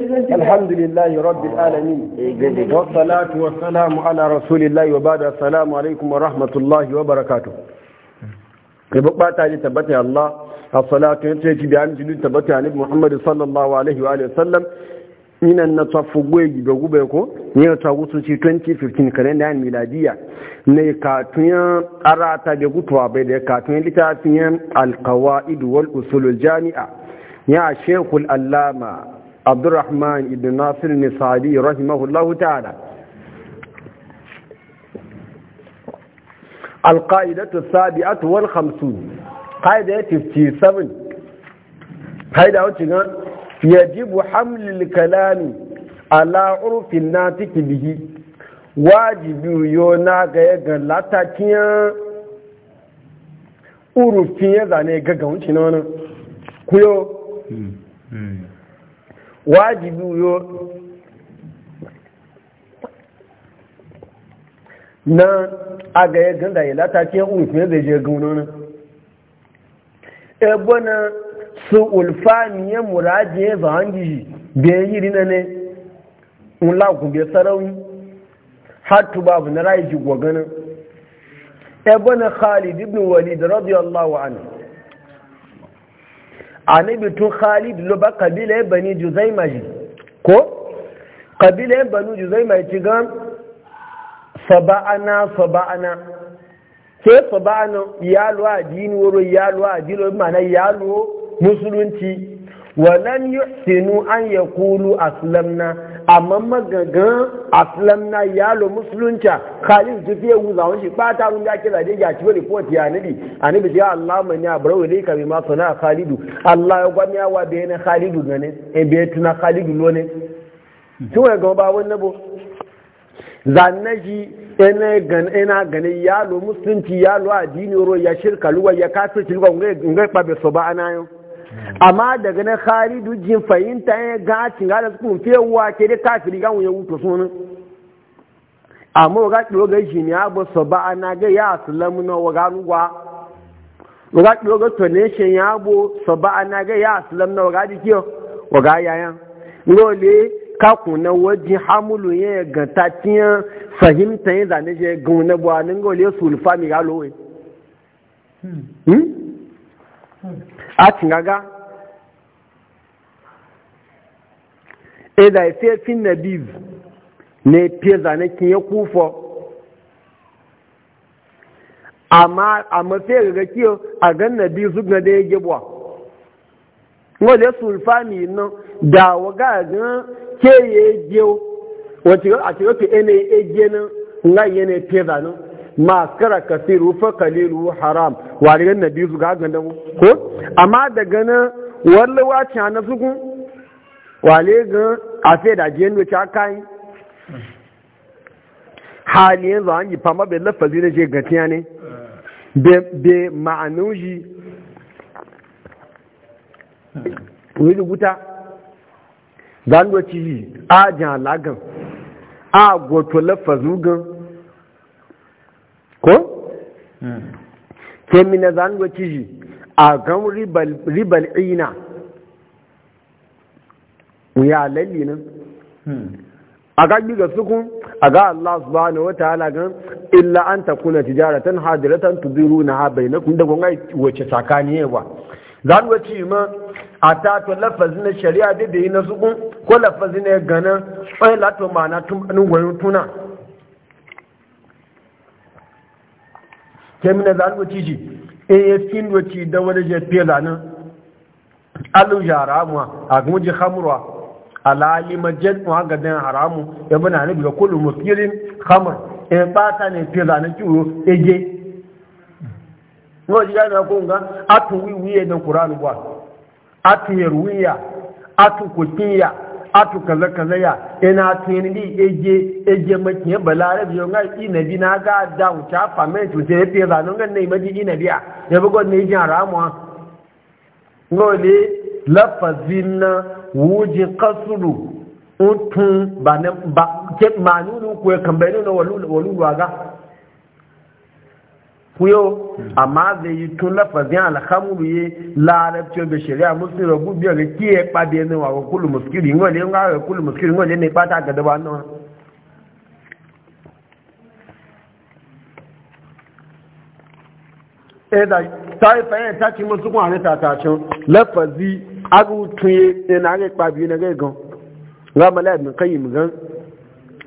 الحمد لله رب العالمين والصلاة والسلام على رسول الله وبعد السلام عليكم ورحمة الله وبركاته يبقى تعالي تبتي الله الصلاة ينتهي بعام جلو تبتي عن محمد صلى الله عليه وآله وسلم من النصف قوي بيكو ينتهي في 2015 كالندا الميلادية ميلادية katuyan أراتا da gutuwa bai da katuyan littafiyan alkawa'id wal usulul jami'a abdurrahman ibn nasir nisadi rahimahullahu ta'ala alƙa'idatu sabi'atu wal hamsun ƙa'ida ya 57 ƙa'ida wacce gan yajibu hamlil kalami ala urfin natiki tiki bihi wajibi yona na ga ya ga latakiyan urufin ya zane gaga wuce kuyo hmm, hmm. wajibi yo na aga ya ganda ya lata ce un fiye da je gano na na su ulfani ya muraji ya zuwa gishi biyan yiri na ne un biya sarauni har babu na rayu ji gwaganin ebe na khalid ibn walid radiyallahu anhu annabi tun khalid lo ba kabila ya e bani juzaima ji ko kabila ya e bani juzaima ya e ci gan saba'ana saba'ana ke saba'ana yalo addini woro yalo addini ma'ana yalo musulunci yi yuhsinu an ya yaqulu aslamna amma magagan aslam na yalo musulunca khalil su fiye wuza wani ba ta mun da kira da ya ci bari kotu ya nabi annabi ya Allah man ya barawo ne ka bi ma sana khalidu Allah ya gwani ya wabe bayan khalidu gane e be tuna khalidu lo ne tun ga ba wannan bo zannaji ina gan ina gane yalo musulunci yalo addini ro ya shirka luwa ya kafirci luwa ngai ngai ba so ba anayo Hmm. amma daga na khalidu jin fahimta ya gacin ga da su fewa ke da kafiri ga ya wuto sunan amma wa ɗiyo ga shi ne abu su ba ana ga ya asulamu na waga lugwa waga ɗiyo ga tonation ya abu su ba ana ga ya asulamu na waga jikiyo ga yayan lole kakun na wajen hamulu ya ganta tiya fahimta ya zane shi gun na buwa ningo sulfa mi ga lowe hmm. Hmm? a cingaga e da ife fin na biz na fiye zane kin ya kufo amma a mafi ga kiyo a gan na biyu zug na da ya gibuwa wanda sulfa mi nan da waga gan ke ya giyo wacce a cikin ene na e giyo nan nga yana fiye zanen ma kara kasiru fa kalilu haram wa rigan nabi su ga ganda ko amma daga na walla wa ta na su kun wale ga a da jiyan da ta kai hali yanzu an yi fama bai lafazi na je gatiya ne bai ma'anin shi wani wuta zanwaci yi a jan lagan a goto lafazu gan kemi na zanwa shi a gan ribal ina ya lalli nan hmm. a ga ga sukun a ga Allah ba wa wata gan illa an takuna tijaratan hadiratan na ha kun da gonga wace sakani yawa zan wace ma a ta to na shari'a da da yi na sukun ko lafazin a sai lato ma'ana tun gwanin tuna kemina za eh, a ji afin doci da wani jefe zanen alu haramuwa a guji hamurwa alalima jenwa ga dan haramu ya bana ne ga kullum muskirin hamur in eh, fata ne fi zanen kiwo e ege wani ya ga ko atu wiwiye da kuranu ba atu yarwiya atu kutiya atu kaza kaza ya ina tini ni eje eje makiye balare yo nga ina bi na ga da uta pament uta e peza no nga nei maji ina biya ya bugo ne jin N'o le lafazin wuji qasru utun ba ne ba ke manunu ko kan bayinu na walu walu ga kuyo amma zai yi tun lafazin alhamdu ye larabcin da shari'a musulun rabu biyar da kiye kpabe ne wa kulu muskiri yin kulu muskiri ngole ne kpata ga daba nan e da ta ci musu ne ta ta lafazi agu tuye ne na ga ga gan ga e gan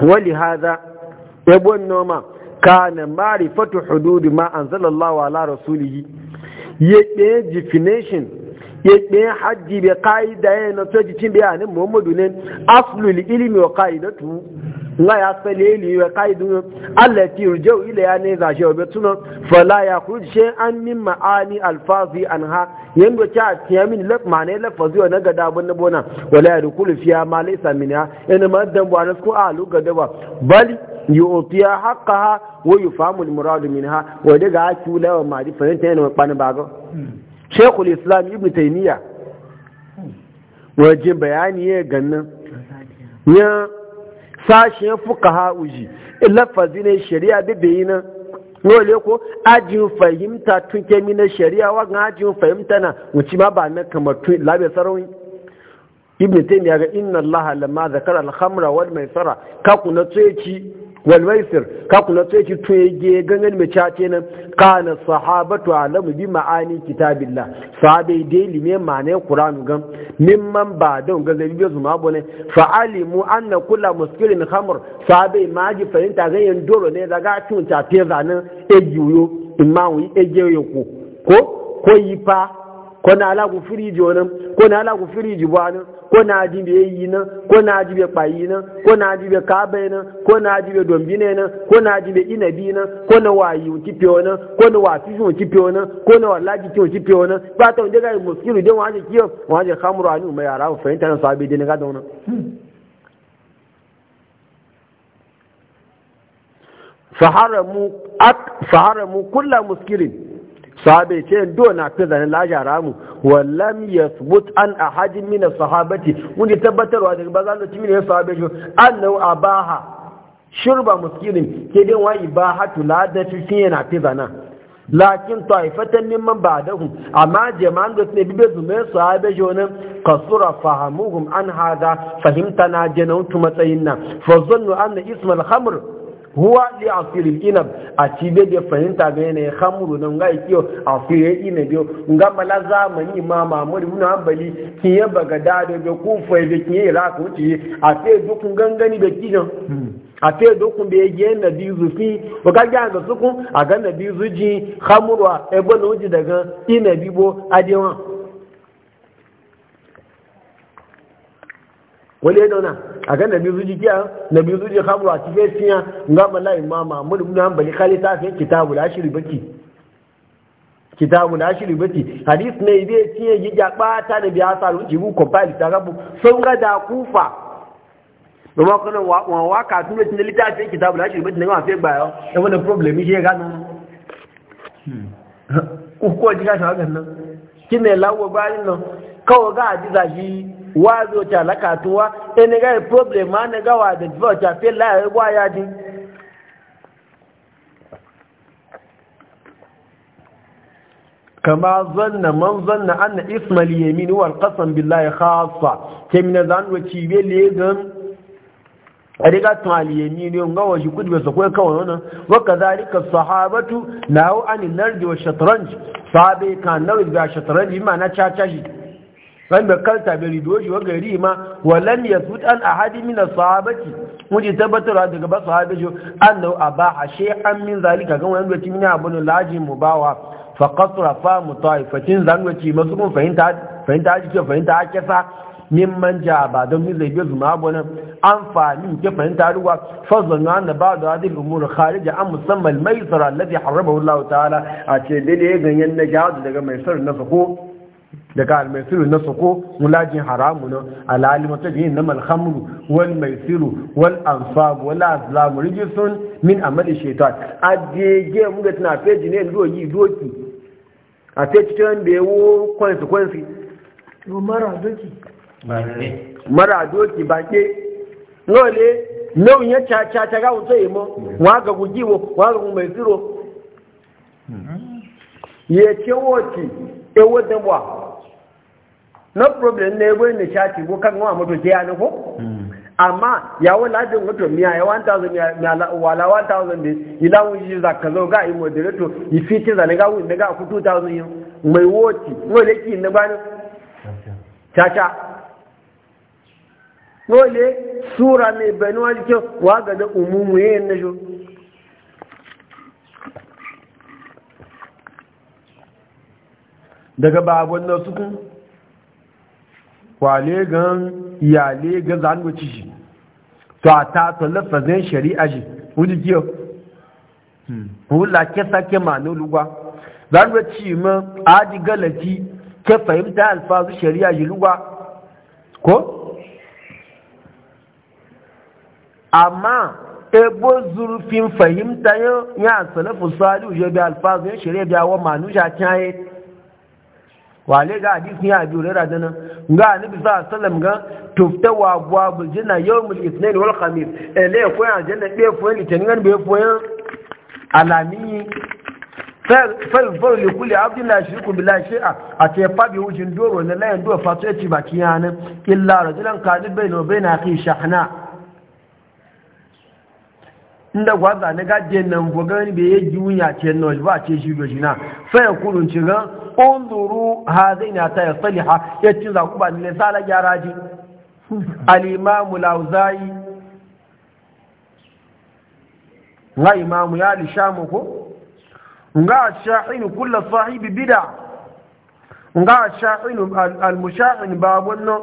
wali hada e noma kana ma'rifatu hududi ma anzalallahu ala rasulihi yake definition yake hajji bi qaida yana to jikin bayanin muhammadu ne aslul ilmi wa qaidatu la ya salili wa qaidun allati yurja'u ila ya ne za shi obetuna fala ya khuruj an min ma'ani alfazi anha yanda ta tiyamin la mane fazi wa naga da bun bona wala ya dukulu fiya ma laysa minha ina madan bu anas ko alu gadaba bali yu'tiya ha wa famu muradu min ha? wa daga haki lawa ma di fahimta yana ba ga shekul islam ibn taymiya waje bayani ya gannan ya sashen ha uji lafazi ne shari'a yi na. Nole ko ajin fahimta tun kemi na shari'a wa ga ajin fahimta na wuce ma ba na kamar tun labe sarauni ibn taymiya ga inna allaha lamma zakara al-khamra wal maisara ka kuna tsoyaci walwaisir ka kula sai ki tuye gangan mai cace nan ma'ani kitabillah sahabai dai lime ma'ana mimman ba don gangan bi anna kullu muskirin khamr sahabai ma fahimta ganyen doro ne daga tun ta fe zanan ejiyo imma ko na ala ku firiji wani ko na ala ku firiji wani ko na aji bai yi nan ko na aji bai kpayi nan ko na aji bai kaba nan ko na aji bai dombi ne nan ko na aji bai inabi nan ko na wa yi wuci fiyo nan ko na wa fifi wuci fiyo nan ko na wa laji ki wuci fiyo nan ba ta ka yi muskiru wa ji kiyo wani hamuru ani umar yara ku fahimta na sabi dai na gada wani. faharamu kulla muskirin sahabe ce do na fi zanen lajara mu wallam ya an a hajjin mina sahabati wanda tabbatarwa daga ba za a cimin ya sahabe shi an nau a baha shirba muskirin ke din wa ibaha tula da cikin yana fi zanen lakin taifatan neman ba da hun amma jama'an da ne bibe zume sahabe shi wani kasura fahamuhum an hada fahimta na janautu matsayin nan fa zannu an na ismail hamur huwa li asiri inab a cibe da fahimta ga yanayin hamuru na nga ikiyo asiri ina biyo nga mala zamani ma mamur ibn hanbali kin ya baga da da kufa da kin yi raka wuce a fe dukun gangani da kijan hmm. a fe dukun da yake na bi zufi ba ga ga ga sukun a ga na bi zuji hamurwa ebo na wuce daga ina bibo adewa wani ya dauna a kan da biyu zuji kiya da biyu zuji hamru a cikin siya nga mala imama mun ibn hanbali khali ta fi kitabu da shiri baki kitabu da shiri baki hadith ne bai tiye yi ya bata da biya sa ruci bu compile ta rabu sun ga da kufa kuma kana wa wa ka tun da littafi kitabu da shiri baki ne ma fi bayo da wannan e problem shi ga nan ko hmm. ko ji ga nan? ga nan kine lawo bayin nan kawai ga ji wa zo ta lakatuwa ene ga problem ma ne ga wa da zo ta fe la ya gwa ya din kama zanna man zanna anna ismal yamin wal qasam billahi khassa ke min zan wa ci be le gan ariga tun al yamin yo ga wa shi kudi ba sai kawai wannan wa kadhalika sahabatu nahu anil nardi wa shatranj sahabe kan nardi wa shatranj bi na cha cha shi wanda kalta bai rido shi wa gari ma walam ya sut an ahadi min sahabati muje tabbatar daga ba sahabi jo annahu aba ashe an min zalika ga wani lokaci mina abun laji bawa. fa qasra fa mutaifatin zan masu kun fahimta fahimta ake ce fahimta ake sa min manja ba don min zai bezu ma abu nan an fahimi ke fahimta ruwa na na ba da hadin umur kharija an musamman mai tsara lafi harabar Allah ta'ala a ce ya ganyen na daga mai tsara na sako daga almaisiru na soko mulajin haramu na alali mata biyin na malhamru wal maisiru wal ansabu wal azlamu rijisun min amali shaitan a jege muga tana feji ne yi doki a feji ta wanda ya wo kwansu no mara doki mara doki ba ke nole nauyin ya caca ta ga wuce yi mo wa ga gujiwo wa ga maisiru hmm. ya ce woki ewo damuwa no problem ne bai ne shati bo kan wa mutu ke yana ko hmm. amma ya wala da mutu miya ya 1000 wala 1000 ne ila wuji za ka zo ga i moderator i fiti za ne ga wuji ne ga ku 2000 yin mai woti no le ki ne chacha no le sura wa ke wa ga da umumu yin ne daga wale gan iyale zan zanuwa ciji to a ta to lafazin shari'a ji wuli kiyo hmm. wula ke sake manu lugwa zanuwa ci ma adi galati ke fahimta alfazu shari'a ji lugwa ko amma ebo zurfin fahimta ya salafu salihu ya bi alfazu ya shari'a biya wa manu sha kyaye wale ga hadisin ya abi rera dana ga annabi sallallahu alaihi wasallam ga tufta wa babu jina yawmul ithnain wal khamis ele ko ya janna be fo ni tan ngan be fo ya alami fal fal fal li kulli abdin la yushriku billahi shay'a ate bi wujin doro na layan do fa to ci baki yana illa rajulan kadib bainu baina fi shahna inda gwaza ne gajen nan bogani be yaji wunya ce no ba ce shi do jina fa yakulun ci ga unzuru hazaina ta yasliha yace za ku ba ne sala gyaraji al-imam lauzai wa imam ya lishamu ko nga sha'in kullu sahibi bid'a nga sha'in al-mushahin babunno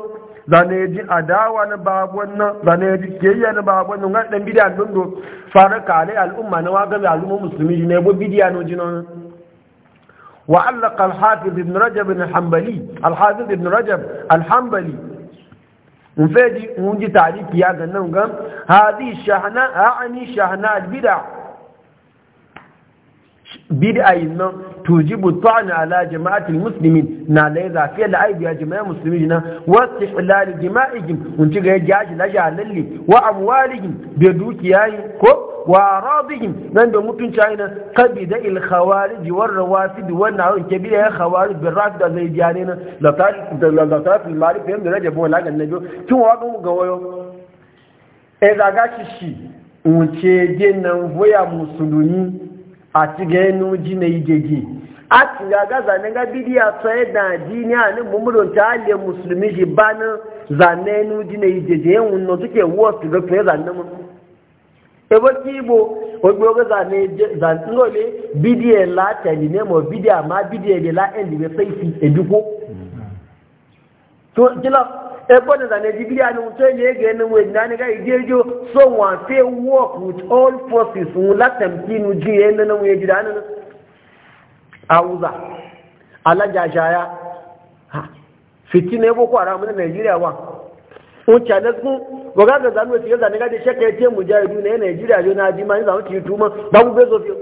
no ji adawa na babunno no zane ji na babunno nga dan bid'a dundo fara al al'umma na wa waga al'umma musulmi ne bo bid'a no jinon وعلق الحافظ ابن رجب الحنبلي الحافظ ابن رجب الحنبلي وفادي ونجي تعليق يا غنم قام هذه الشحناء اعني شحناء البدع بدع إنه توجب الطعن على جماعة المسلمين نالي ذا في العيب يا جماعة المسلمين واستحلال دمائهم ونجي جاج لجع للي وأموالهم بدوكياي كو wa radihim nan da mutunci aina da il khawarij wa rawafid wannan hawan kabira ya khawarij bil rafida zai jani na la ta la ta fil ma'rif yanda da jabo la kan jo kin wa ga wayo e da ga shi wuce jinnan voya musulmi a tigenu jinai gege a ti ga zanen ga bidiya sai da jini a mu mummurin ta alle musulmi ji ba zane nu nujina yi jeje yin wunan suke wasu da fiye zanen mu. ebe kibo ogbe oge zantinole bidiye la tẹlime mo ma bidiye de la ẹni be fẹ to jila ebe ne zane di bidiye ni wuto ile ege eni wo ina ni ka ije ejo so wọn work with all forces wọn ki nu ji ye nana wọn eji da awuza alajajaya fitina ebo ko mu na nigeria wuce na sun goga ga zanuwa cikin zane gaje shakka ya ce mu jari duna yana ya jira jona ji ma ni zama ci tuma ba ku bezo fiye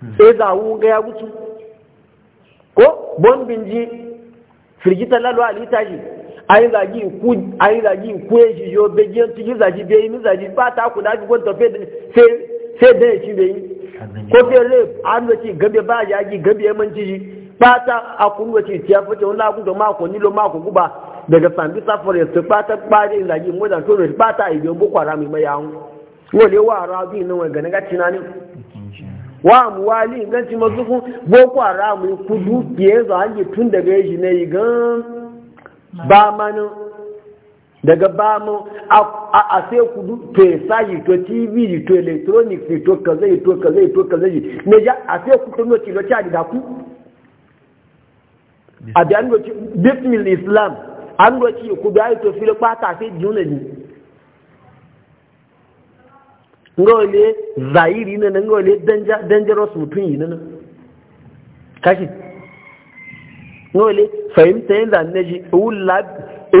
hmm. sai zawu ga ya gutu ko bombin ji firgita lalo alita shi ayi yi ku ayi zagi ku ya shi yo be gen tigi zagi be yi zagi ba ta ku da ji gonta fe sai sai da shi be yi ko fe le an da ci gabe ba ya ji gabe man ci ba ta akuru ci tiya fata wala ku da ma ko ni lo ma ko guba daga sambisa forest pata kpari ilaji more than two hundred pata ibi boko haram ima ya hun wọ́n lè wà ara bí inú ẹ̀gẹ̀ wa tí náà ní wà mú wá ku nǹkan tí mo tún fún boko haram kú daga èyí ne yìí gan bá ma daga bá mu a sai kudu to sayi to tv to electronics to kaza to kaza to kaza ne ya a sai ku tuno ci da ku a da bismillah islam an roki ku biya to fili kwata sai juna ni ngole zairi ne ngole dangerous mutum yi ne kashi ngole fahimta yin zanne ji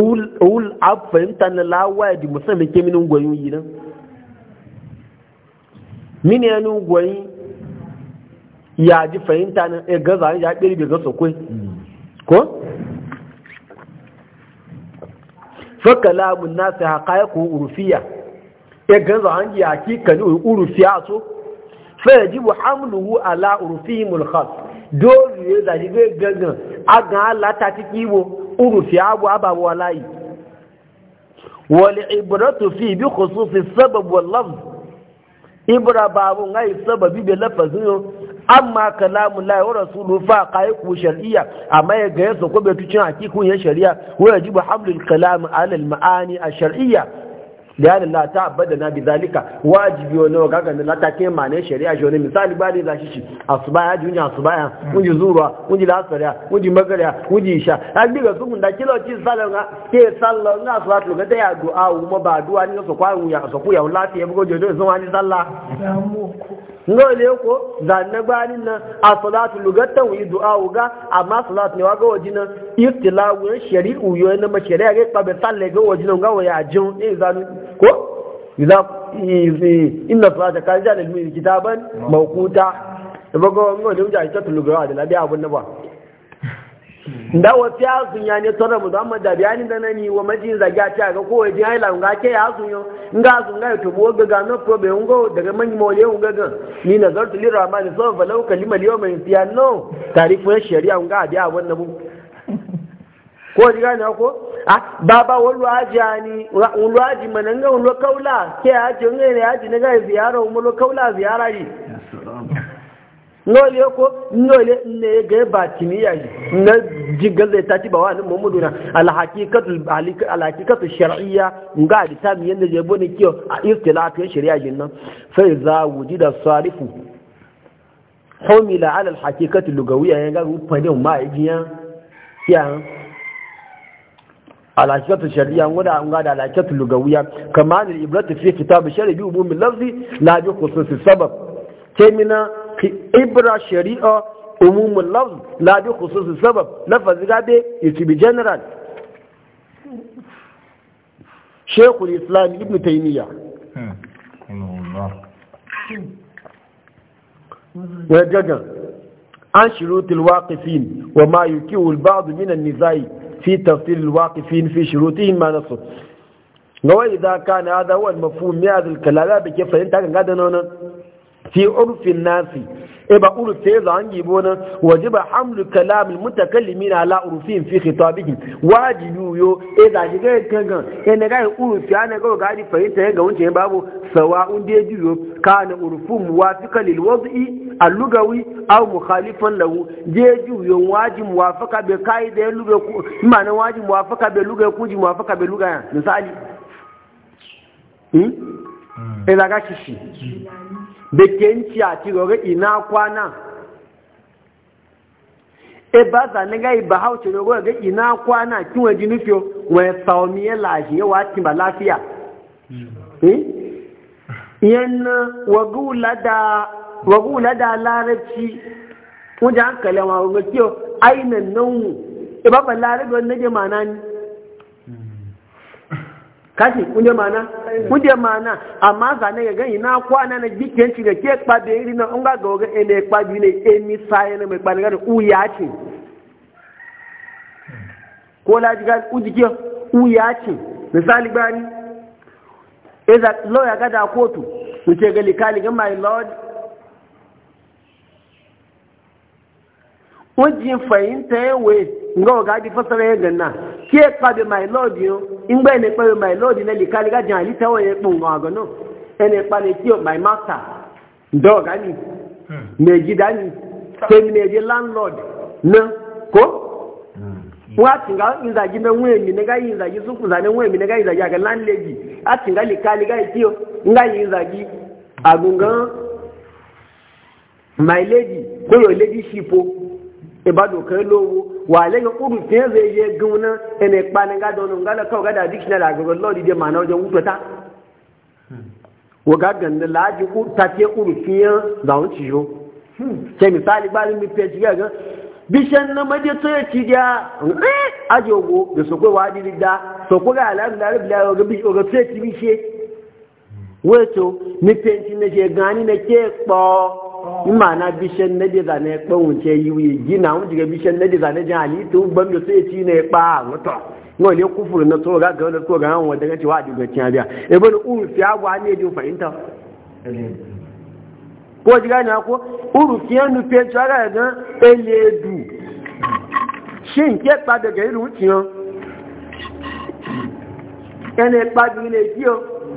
ul ab fahimta na lawa di musamman ke minin gwayo yi nan mini yanu gwayi ya ji fahimta na ga zane ya ɓirɓe ga sokwai mm. ko fakalamun nasu ko urufiya ya ganza hangi hakikali urufiya so fayajibu hamluhu ala urufihimul khas dole ya zaji zai gangan agan halata ta kiwo urufiya abu ababu walayi wal ibratu fi bi khususi sabab wal lafz ibra babu ngai sababi bi lafazin amma kalamun la wa rasulu fa qaiqu shar'iyya amma ya gaya sa ko bai tucin hakikun ya shari'a wa yajibu hamlul kalam ala al ma'ani al shar'iyya liyan la ta'abbadana na zalika wajibi wani ga ganin la ta ma ne shari'a shi wani misali ba ne za shi shi asubaya ji ya asubaya wunji zuruwa wunji lasariya wunji magariya wunji isha an diga su mun da kilo ci salon ga ke salon ga su wato ga ta ya du'a ma ba du'a ni so kwa ya so ku ya lafiya bugo jojo sun wani sallah lole ko da na gbanin na a salatu lugatan wi du'a uga amma salatu ne wa ga wajina istilawu shari'u yo na ma shari'a ga ba salle ga wajina ga ya jin e zanu ko izi inna salata kan ja min kitaban mawquta e ga ngo da uja ita tulugawa da labi abun nabawa ba da wasu ya sun ya ne tsoron mu zama da bayani da nani wa majin zage a ga kowa jin haila ga ke ya sun yi nga sun ga to buwa ga ga probe ungo? daga manyan mawale le ga ga na zartu lir rahman ne fa falau kalimar yau mai yantiya no tarifu ya sharia unga a biya wannan mu ko ji gane ko ah baba wani ajani wallu aji mananga wallu kaula ke aji ne aji ne ga ziyara wallu kaula ziyara yi nole ko nole ne ga ba kimiyya na jigal da ta ci ba wani muhammadu na alhakikatu shar'iyya ga da ta mi yanda jebo ne kiyo a istilafi shari'a jin nan sai za wuji da sarifu ala alhakikatu lugawiyya ya ga ku fadin ma ajiya ya kiyan shar'iyya ngoda wadda an gada lugawiyya kamar ibratu fi kitab shar'i bi umumin lafzi la bi khususi sabab kemina ibra shari'a umumin lafz la bi khususi sabab lafazi gabe yace bi general shekul islam ibn taymiya ya jaga an shirutul waqifin wa ma yukiu al ba'd min an nizai fi tafsir al waqifin fi shurutihim ma nasu ga wai idan kana hada huwa al mafhum min hadha al kalam bi kayfa yanta ga da nan fi urfin nasi e ba urufe ya zangi bona wajiba hamlu kalam mutakallimin ala urufin fi khitabihim wajibi yo e da jiga gangan e ne ga urufe ana ga ga di fahimta ga wancan babu sawa. da yajiyo kana urufun muwafiqa lil wad'i al-lugawi aw mukhalifan lahu je yajiyo wajib muwafaqa be kaida luga ku ma'ana wajib muwafaqa be ji be misali hmm, hmm. e ga kishi hmm. bekenci a ci gaba ina kwana e ba za ni gai ba hauce da gaba ina kwana kin waje nufiyo wani saumiye lashe yawa ci ba lafiya hmm. hmm? yan wagula da larabci wajen hankali ma ainihin e kashi kunje mana kunje mana amma zane ga gani na kwana na gikken ci ga ke kpa iri na nga ga ene kpa ne emi sai na me kpa ga u ya ci ko la ji ga ke u ci misali bani eza lawyer ga da kotu su ce ga likali ga my lord wajen fahimta yawe nga waga di fasara ya ganna ki e kpabe my lord yo ngba ne kpabe my lord na likali ga jan alita wo ye pun wa gano ene kpale ki o my master ndo ga ni hmm. meji dani temi ne landlord na ko hmm. wati nga inzaji na nwemi ne ga inzaji suku za ne nwemi ne ga inzaji aga landlady ati nga likali ga ki o nga inzaji agungan my lady ko yo lady shipo ibado kai lowo wale ga kudu te zai je guna ene kpanin ga donon ngala kawo gada dictionary a gaban lodi je ma'ana wajen wuta ta wa ga ganda laji ku ta ke kudu fiye da wuce yo sai misali gbari mi pe jiga ga bishan na maje to ya ci ga eh, aje ogo de so ko wadi da so ko ga alabi da alabi da ga bi ga sai ti bi she weto mi pe ti na je gani ne ke kpo in ma na bishen na da zane kpan wuce yi wuyi gina wun jiga bishen na da zane jan halittu ban da sai ci ne kpa mutu no le kufur na to ga ga na to ga an wanda ga cewa diga cin abiya e bani urufi a ne jin fahimta ko jiga na ko urufi ya nufe cewa ga ga eledu shin ke kpa daga irin wuciyan ene kpa bi ne o?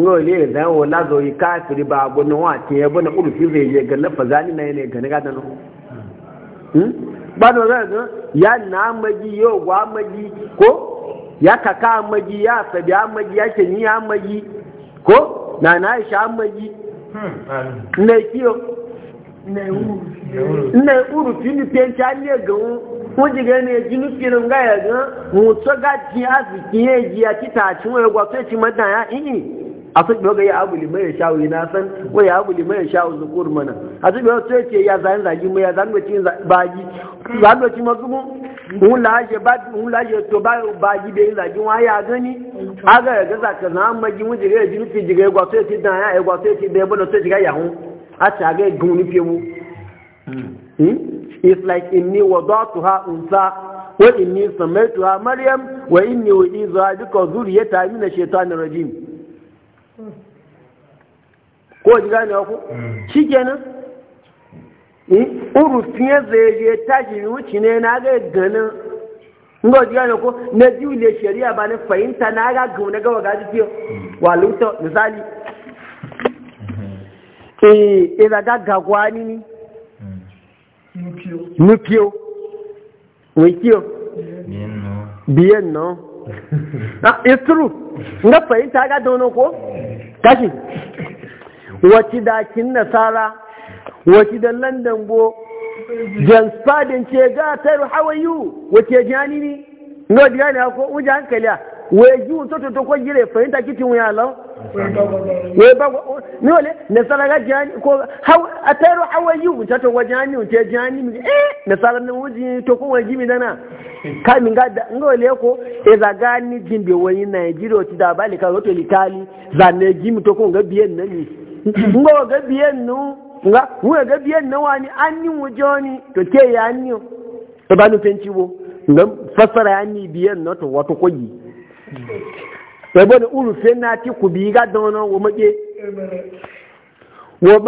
ngo le da wo la zo kafiri ba go no wa te bo na urfi zai je ga lafa na ne ga ne ga da no hm ba do ga ya na maji yo wa maji ko ya kaka maji ya sabi maji ya ke ni maji ko na na sha maji hmm ne kiyo ne uru ne uru fini pe cha le ga wọ́n ti gẹ́ ní ẹjìnú kiri nga gáyẹ̀ gan-an wọ́n tó gá ẹ̀jì àti tààtì wọn ẹgbà tó ti mọ́ dàn yá a su biyo ga ya abu lima ya shawo na san wai ya abu lima ya shawo zukur mana a su biyo sai ce ya zan zagi mu ya zan bacin bagi zan bacin mazumu mun laje ba mun laje to ba bagi da yin zagi wa ya gani aga ya gaza ka na magi mu jira jini fi jira gwa sai ti dan ya gwa sai ti da bana sai jira ya hu a ta ga gun ni fi mu hmm. Hmm? it's like inni wadatuha unsa وإني سميتها مريم وإني وإذا بك ذريتها من الشيطان الرجيم ko ji gane ku mm. shi kenan Uru ya zai tashi wuce ne na ga ganin ngo ji gane ko na jule shari'a ba na fahimta na ga gauna ga waga ji fiye mm. waluta misali mm. E, eh, ira eh, ga gagwa ni ni nukio wikio biyan no ah it's true nga fahimta ga dono ko kashi da kin nasara wacce da london go james ce ga hawayu jani ne no di ko hankali a wai ji to to to ko gire fahimta kitin wuya lo wai ba ni wale nasara ga jani ko a taru hawayu to wajani ce jani eh nasara ne wuji to ko waji mi dana kami ngole ko eza gani jimbe wani Nigeria oti da bali ka roto likali za ne jimi to ko ga biyen nan ni ngo ga biyen nu nga wo ga biyen nan wani anni wujoni to ke ya anni to banu penci wo ngam fasara anni biyen na to wato koji sai bane uru fenna ti ku bi ga dono wo make wo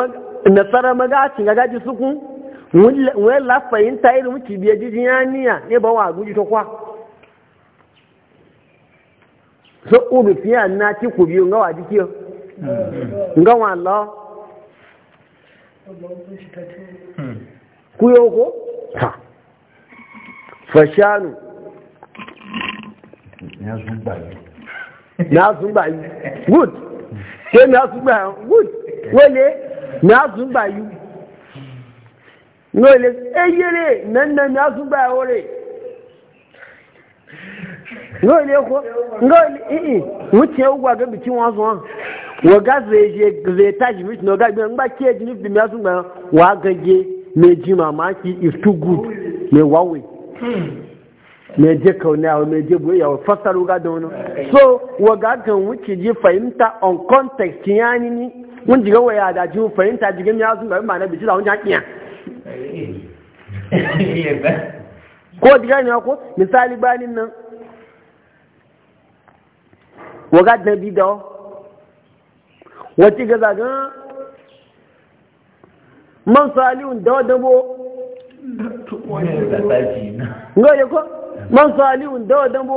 nasara maga ci ga gaji sukun wọ́n la fẹ̀yìntà irun kì bí ẹjí yá níyà níbọn wà gúnjú tó kwá so urufiya na ti kò bí ngawa jiki ngawa lọ kúyọ kó ha fashanu na sun good ṣe na sun gbayi good wọ́n lè na sun gbayi lóòlẹ̀ su nẹ́nẹ́mí asúgbà ẹ̀wọ́rẹ̀ lóòlẹ̀ kó lóòlẹ̀ ìyìn wọ́n tiẹ̀ wọ́n gbàgbé wa wọn sọ wọn wọ́n gá zèé tájì mí tì náà gbàgbé ńgbà kí ẹ̀jì ya, bìmí asúgbà wọ́n á gẹ́gẹ́ méjì màmá ki if too good lè wáwé méje kaune a je buye yawon fasaru ga da wani so waga kan wuce ji fahimta on context yani ni mun jiga waya da ji fahimta jigin ya sun ga ma na biji da wani hakiya ko diga ne ko misali banin nan waga da bidawo wacce ga zagan man salihun da wadda bo ngoye ko man salihun dawa wadda bo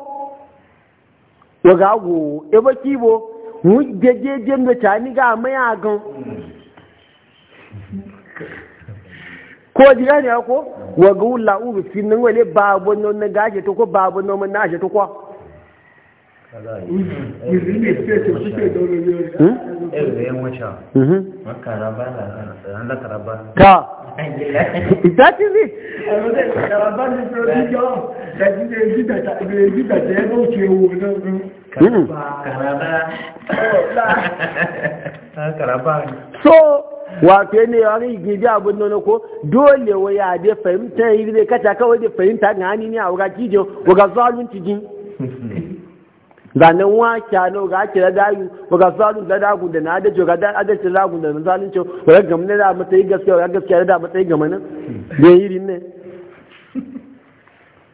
waga go ki bo mu jeje ta ni ga maya gan ko ga ne ko waga ulla ubi sinan wale babo non na gaje to ko no non na aje to ko ka that is it. so wato yadda ya wani abin nan ko dole wa ya dai fahimta yi zai kata kawai da fahimta ga hannu ne a wuga kijin wuga lunci jin zanen wa kyano ga ake ladayu ba ga salun da dagu da na adace ga dan adace lagu da na zalunce ba ga gamin da matsayi gaskiya ga gaskiya da matsayi ga mana da yi rinne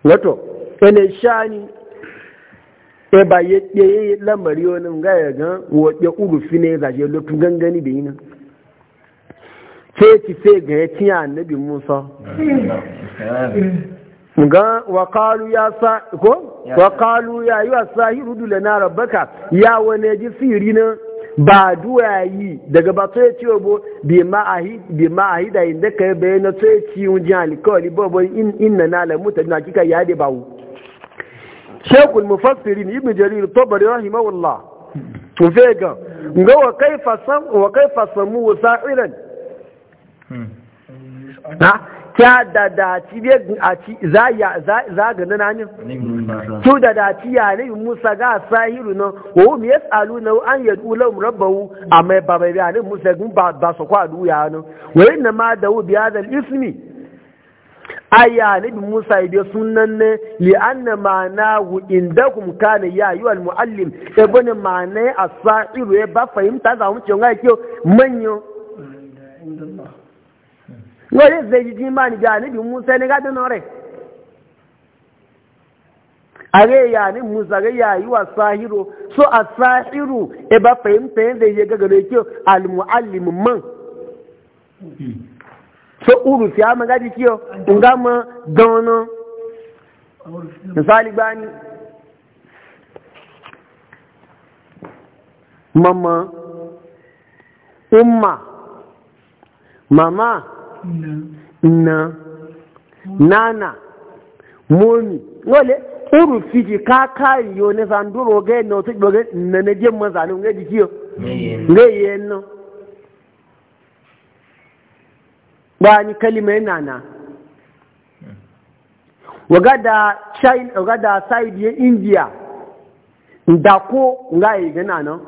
wato ene shani e ba ye ye lamari wani ga ya ga wo ya urufi ne za je lotu gangani da yinan ce ki ce ga ya tiya annabi Musa ga wa qalu ya sa ko wa qalu ya ayyuha sahiru dulana rabbaka ya wane ji siri nan ba duwa yi daga ba to ciwo bo bi ma'ahi bi ma'ahi da inda kai na to yace un jali kawli bobo in inna na la na kika ya de bawo shekul mufassirin ibn jarir tabari rahimahullah to vega ga wa kai sam wa kaifa samu sa'iran ha ta da daci za ga nan ne to da daci ya ne musa ga sahiru nan wa mu yasalu na an yadu lahum rabbahu amma ba bai ya ne musa gun ba ba su kwa duya nan wai na ma da bi hadal ismi aya ne musa ibe sunan ne li anna ma'ana hu indakum kana ya yu al muallim ibn e ma'ana as-sahiru ya e ba fahimta za mu ce ngai kiyo manyo wọ́n lè fi jíjí bi nìjà níbi na ní gádùnà rẹ̀ àríyà ní musa ríyà yíwa sáhírò so a sáhírò e ẹba fẹ̀yìntẹ̀yìn zai yẹ gagara kí alụmụ alụmụ man so uru si ama gadi kí o nga ma misali gbani mama umma mama na nana momi wale uru fiji ka kayi yo ne zanduro oge na to ga na ne je maza ne ga jikiyo ne yen no ba ni kalima nana wagada china wagada side ya india ndako nga yi gana no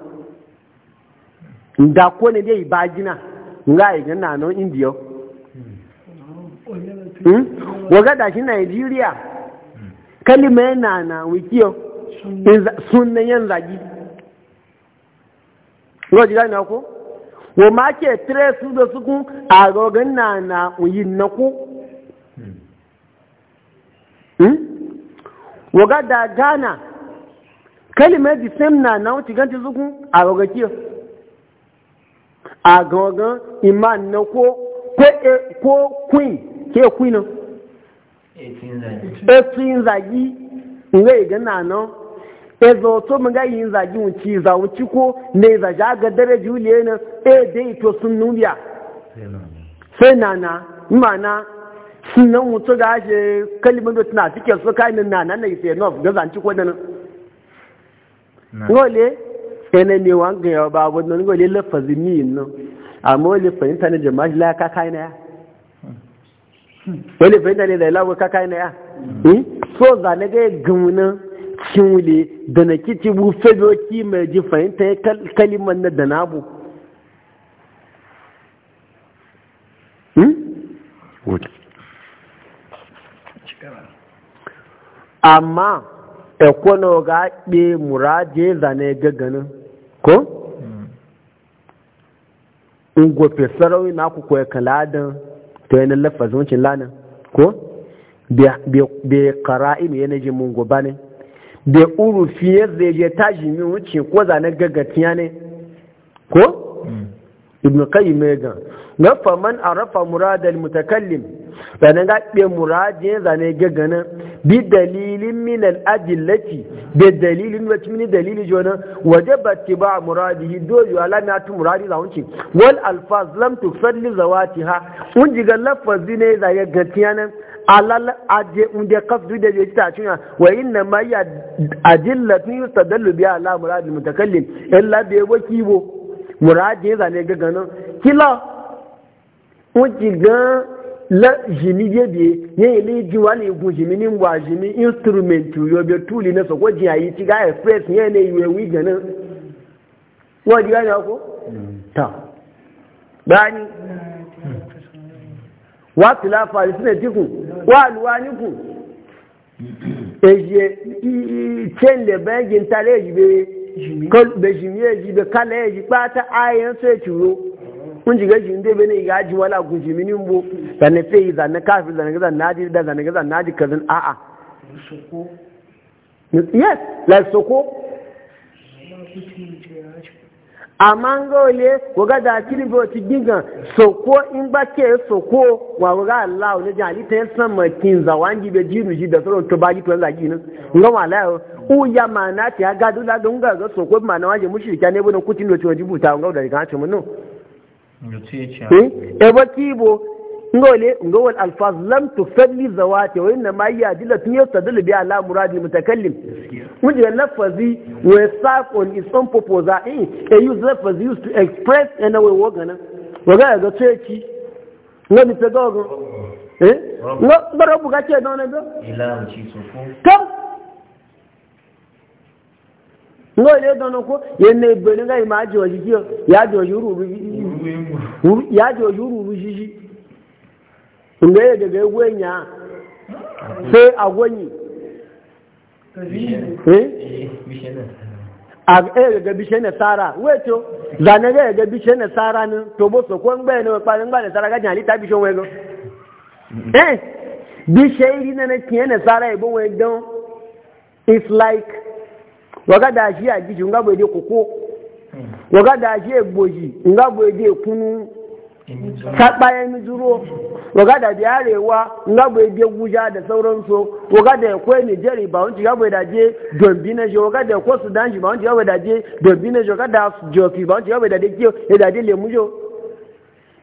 ndako ne dai bajina nga yi gana no india Hmm? wagada shi Nigeria hmm. kalima yana na wikiyo sunan yan zagi wajen gani ko wa ma ke tire su da suku a gogon na na uyin na ku hmm. wagada gana kalima di sem na na wuce ganci suku a gogon kiyo a gogon iman na ko ko queen ke kuinan 18 zagi nga iga na nan ezo to mun ga zagi za wuci ko ja ga dare juliye na e dai sun nubiya mana sunan ga shi da tana su na ife nof ga zanci ko nan ngole ene ne wanga ya babu nan ngole lafazi min amma le jama'a la ka na ya wani fahimta ne da ya lagu kaka yana ya eh? so za na ga gamuna cinwule da na kici bu fadoki mai ji fahimta ya kalimar na da hmm? na bu amma ekwono ga ɓe muraje zane ganin ko? ungwafe hmm. sarauni na kuka kaladin to yana lafazin wancin lana ko bai kara'im yana jin mun goba ne bai urufi fiye zai je tashi min wuce ko zanen gaggatiya ne ko mm. ibn qayyim ga na faman rafa muradal mutakallim sannan ga ɓe muradin zane gagana bi dalilin min al'adillati bi dalilin wacce mini dalili jona waje ba ti ba muradihi doji alamiya tu muradi za wunci wal alfaz lam tu fadli zawati ha un jiga lafazi ne za ya gatiya nan alal aje un da kafdu da bai ta cinya wa inna ma ya adillatu yustadallu bi ala muradi mutakallim illa bi wakibo muradi zane gagana kila un jiga la jimi yebe ye ile ji wani igun jimi ni ngwa jimi instrument tuli na so ko ji ayi ti ga express ye ne iwe wi gana wo di ga ko ta wa tila fa isne tiku wa luwani ku eje chende bege ntale jibe kol be jimi e zane fi yi zane kafin zanne zanne naji da zanne zanne naji kazin a'a yes like soko amma ngole waga da kiri bo ti ginga soko in ba ke soko wa waga Allah ne jali ta san ma kin zawangi be jiru ji da soro to ji to zagi nan ngam Allah u ya na ti ga du la dun ga soko mana waje mushrika ne bu kutin do ti wajibu ta ngau da ga ta mun no ebo eh, e kibo ngole ngowal alfaz lam tufalli zawati wa inna ma hiya adillatun yastadillu bi ala muradi mutakallim wuje lafazi wa saq on its own purpose I a use lafazi used to express in a way wogana waga ga ceci ngani ta gogo eh ngo baro buga ce don ndo ila ci sufu kam ngole don ko yenne ibelin ga ma wa jiyo ya jo yuru ya jo yuru jiji inda ya daga egwen ya sai agwanyi a daga eh? eh? e bishe na tsara weto zane ga daga bishe na tsara ne to bo so ko ngbe na tsara ga jani ta wego eh bishe iri na na kiye na tsara e wego it's like waga da shi nga bo e de koko hmm. waga da egboji nga bo de kaɓa ya mi duro waga da biya rewa nga bai je guja da sauransu waga da kwai nijeri ba wanci ya bai da je dombi na shi waga da ko sudan shi ba wanci ya bai da je dombi na shi waga da jofi ba wanci ya bai da je kiyo ya e da je lemu jo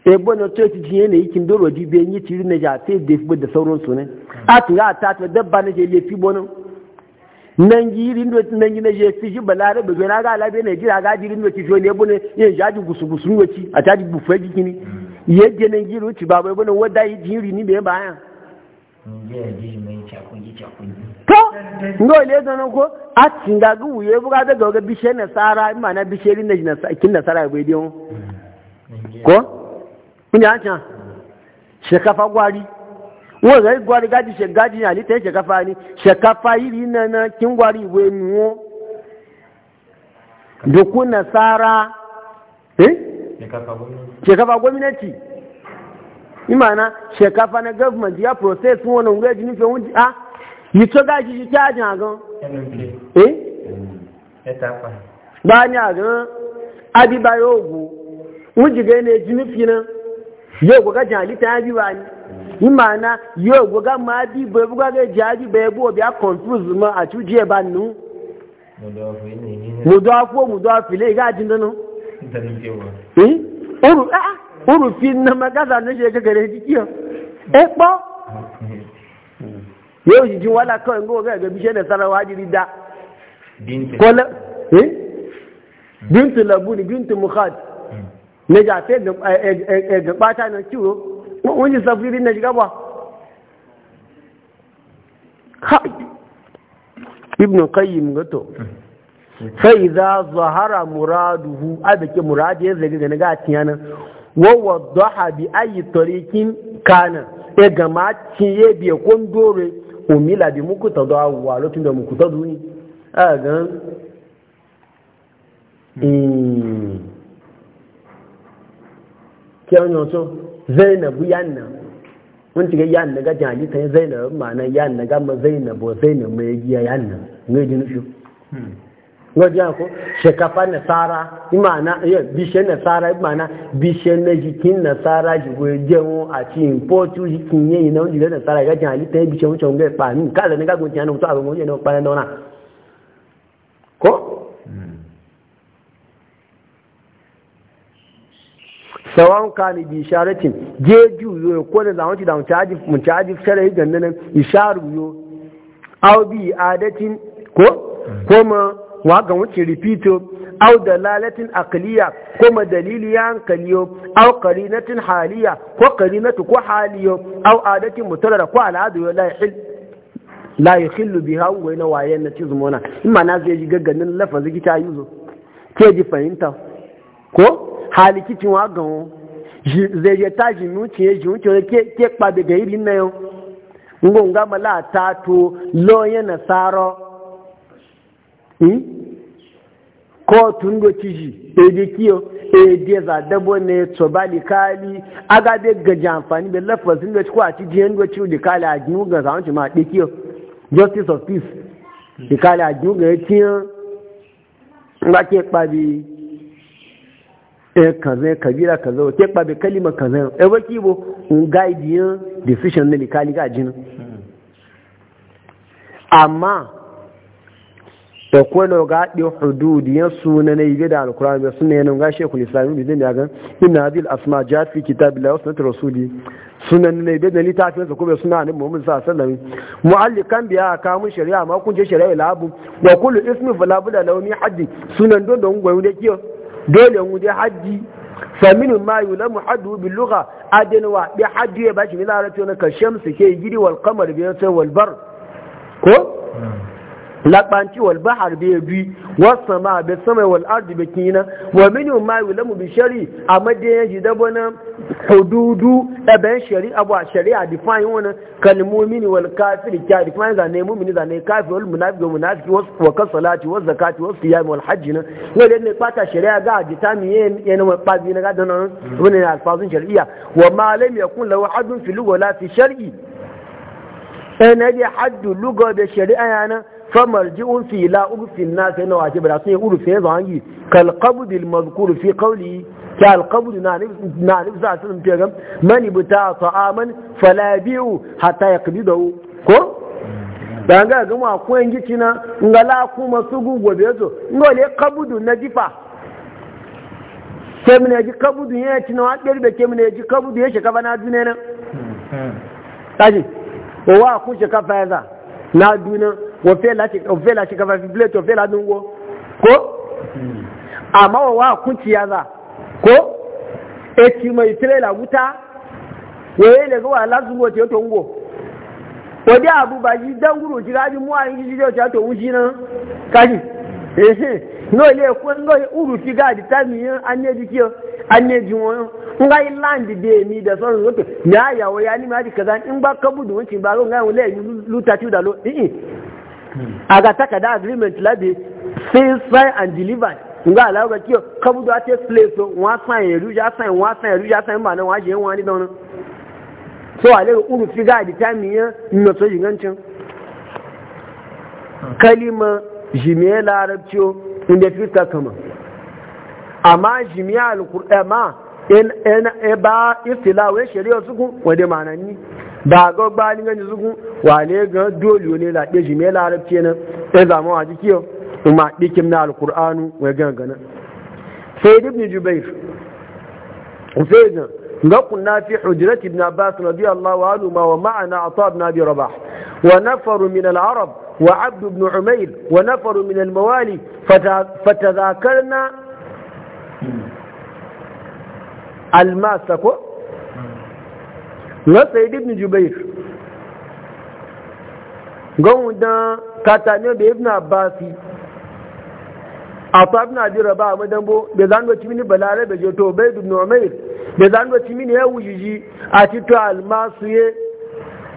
ebo na to ti jiye ne ikin doro di be yi tiri na ja sai da da sauransu ne a tura ta ta dabba na je fi bonan nangi rindo nangi na je fiji balare be na ga labe ne jira ga di rindo ci jo ne bune ye jaji gusu gusu ne ci a taji bu fe gikini mm. ye je nangi ru ci baba e bune wada yi jiri ni be ba ya mm, to ngo le don ko a tinga gu wuye bu ga daga ga bishe na sara e ma na bishe rin na kin na sara be dion ko kunya ta mm. shekafa gwari wọ́n rẹ̀ gwari gájì ṣe gájì ní àlítẹ́ ṣẹ̀káfà ní ṣẹ̀káfà nana kí ń gwari ìwé nù ó dùkú nasara ṣẹ̀káfà gómìnàtì ìmàna ṣẹ̀káfà na gọọmenti ya process wọn nà ngẹ́jì ní fẹ́ wọ́n ti ah yìí ga gájì ṣe ṣe àjàn àgán bá ní àgán adìbáyọ̀ ògùn wọ́n jìgẹ́ ní ẹjì ní fi náà yóò àlítẹ́ imana yo gbogbo ma bí bo ebúgbà gẹ jẹ àjùbẹ ebú òbí a confuse mọ àtújì ẹ bá nù. mùdọ́ afọ mùdọ́ afilé ìgá àjí eh uru fi nama gaza ní ṣe kékeré títí ọ ẹ e pọ. yóò jìjì wàhálà kọ́ ẹ̀ ń gbọ́ gẹ́gẹ́ bí sẹ́nẹ̀ sára wàá jìrì dá. eh bíntu labuni bíntu mukhad. Hmm. e e e pátá na kíwò. wọ́n yìí sàfúrí shiga ba wà ibn qayyim gato sai za zahara muraduhu abike muradi ya zage ga naga tiyana wa wadaha bi ayi tariqin kana e gama tiye bi kon dore umila bi muku ta da wa lotun da muku ta duni a ga hmm. kí ọ̀nà zainabu yanna mun ci ga yanna ga jani ta zainabu ma'ana yanna ga ma zainabu zainabu mai giya yanna ne ji nufi wajen ko shekafa nasara imana iya bishe nasara imana bishe na jikin nasara jigo jẹun àti ìpọ́tù jikin yẹn iná oúnjẹ lẹ́nà sára ìyájẹ́ àlítẹ́ ibiṣẹ́ oúnjẹ ń gbẹ̀ pàánù káàlẹ̀ nígbàgbọ́n ti yánà tó àwọn oúnjẹ náà pàánù náà ko sawan kani bi isharatin je juyo ko da zamanci da mutaji mutaji sharahi gannan isharu yo aw bi adatin ko mm. kuma wa ga wuce repeato aw dalalatin aqliya ma dalili ya kaliyo aw qarinatin haliya ko qarinatu ko haliyo aw adatin mutarara ko al'adu la yahil la yahillu biha wa ina wayan na tizmona imma na zai ji gagganin lafazin kita yuzo ke ji fahimta ko hali kicin wa gan o zai je ta ji nu tiye ji nu tiye ke kpa be gayi bi nayo ngo nga na saro hmm ko tun go ciji e de kiyo e de za dabo ne to bali kali aga be gaja amfani be a ci je a jinu ga zan ci ma justice of peace de kali a jinu ga tiyan nga ke kpa eh kaza kabira kazan wa ke babe kalima kazan eh ba kibo in guide yin decision ne likali ga jinin amma e da kwano ga haɗe hududu ya suna na yi da alkurani mai suna yanin ga shekul islami da zai yagan ina hadil asma jafi kitab la wasu natar rasuli suna na da na littafin sa kuma suna ne mummun sa sallami mu'allikan biya kamun shari'a ma kun je shari'a labu da kullu ismi fulabu da launi haddi sunan don don gwayo da kiyo dole mu dai haji saminu ma yulamu hadu bil lugha adinwa bi haji ba shi min larabci na ka shamsu ke gidi wal qamar bi yasa wal bar ko labanci wal bahar bi bi was sama bi sama wal ard bi kina wa min ma yula mu bi shari amade yaji dabana hududu ɗaben shari'a ba shari'a define wani kalmomin wal kafir kya define zane mumini zane kafir wal munafiki wal munafiki wa wakar salati wa zakati wa siyami wal hajji na wani ne kwata shari'a ga jita mi yin yana mai ɓazi na gadon nan wani na alfazun shari'a wa malam ya kun lawa hadun filu wala fi shari'i ɗaya na haddu lugar da shari'a yana فمرجع في لا أرف الناس إنه واجب رأسه يقول في هذا عنه كالقبض المذكور fi قوله ta alkaburi na nufi sa sunan fegan mani buta ta'aman falabiyu hatta ya kabi da ko da ga gama kuwan gici na ngala kuma su gugu bezo ngole kabudu na jifa sai mun ji kabudu ya ci na waɗiyar da ke mun ji kabudu ya shekaba na duniya nan tashi wa kun shekaba ya za na duniya wafela shekaba fi plate la dungo ko amma wa kun ci yaza ko eki mai tirela wuta waye daga wa lazugo ce to ngo waje abu ba ji dan guru ji gaji mu an ji je to wuji nan kaji eh no le ko ngo uru ti gaji ta mi an ne di ki an ne ji won nga land de mi da son zo to ya ya wa ya ni ma ji kaza in ba ka budu wancin ba ga wala yi luta ti da lo eh aga ka da agreement labi say sign and deliver nga alawo kiyo kabudu ate slave wọn san eru ya san wọn san eru ya san mbana wọn ajiye wọn ni dɔn so ale uru fi gaadi ya miya nnɔtɔ yi ŋancin kalima jimiya larabciyo inda fi ta kama amma jimiya alkur'ama in ba istilawe shari'a suku wadda mananni ba ga gbani ganin suku wale ga dole ne laɗe jimiya larabciyo nan ya zama wa jikiyo وما ديكم نال القرآن ويجانا سيد ابن جبير سيدنا قلنا في حجرة ابن عباس رضي الله عنهما ومعنا عطاء بن أبي رباح ونفر من العرب وعبد بن عميل ونفر من الموالي فتذاكرنا الماسكو وسيد ابن جبير قلنا كتانيو بابن عباسي a fabin ajiyar ba a madambo da zanwaci mini balare da jeto ya wujiji a tito almasu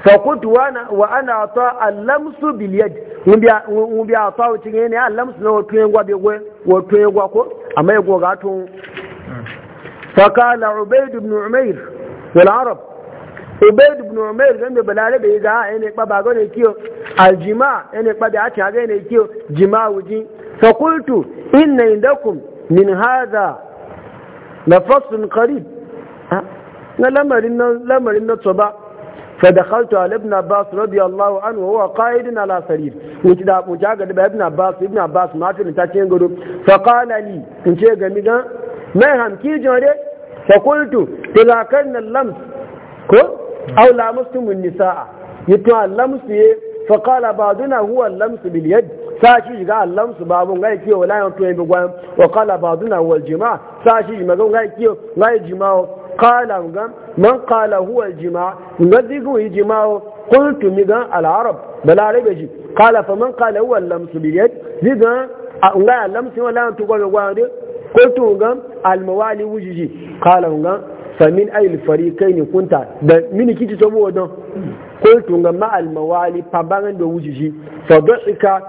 fakutu wa ana alamsu biliyad mun biya a yana na wato yin gwabe wato yin gwako ga فقلت إن عندكم من هذا نفس قريب لما لما لمرين نصبا فدخلت على ابن عباس رضي الله عنه وهو قائد على سرير وكذا مجاهد ابن عباس ابن عباس ما في نتاكين غرو فقال لي ان شيء غمي ما هم كي جوري فقلت تلاكن اللمس كو او لامستم النساء يتو اللمس fa qala ba'duna huwa al-lamsu bil sa shi ga al babu ngai kiyo la yan to yin gwan wa qala ba'duna huwa sa shi ma ga ngai kiyo ngai jima'o qala ngam man qala huwa al-jima' ngazi go jima'o qultu mi ga al-arab balarabe ji qala fa man qala huwa al-lamsu bil yad ziga ngai al-lamsu wala yan to gwan gwan qultu ngam al-mawali wujiji qala ngam famin ayil farikai kunta da mini kici saboda don قلت مع الموالي mawali fa bangan da wujiji fa da'ika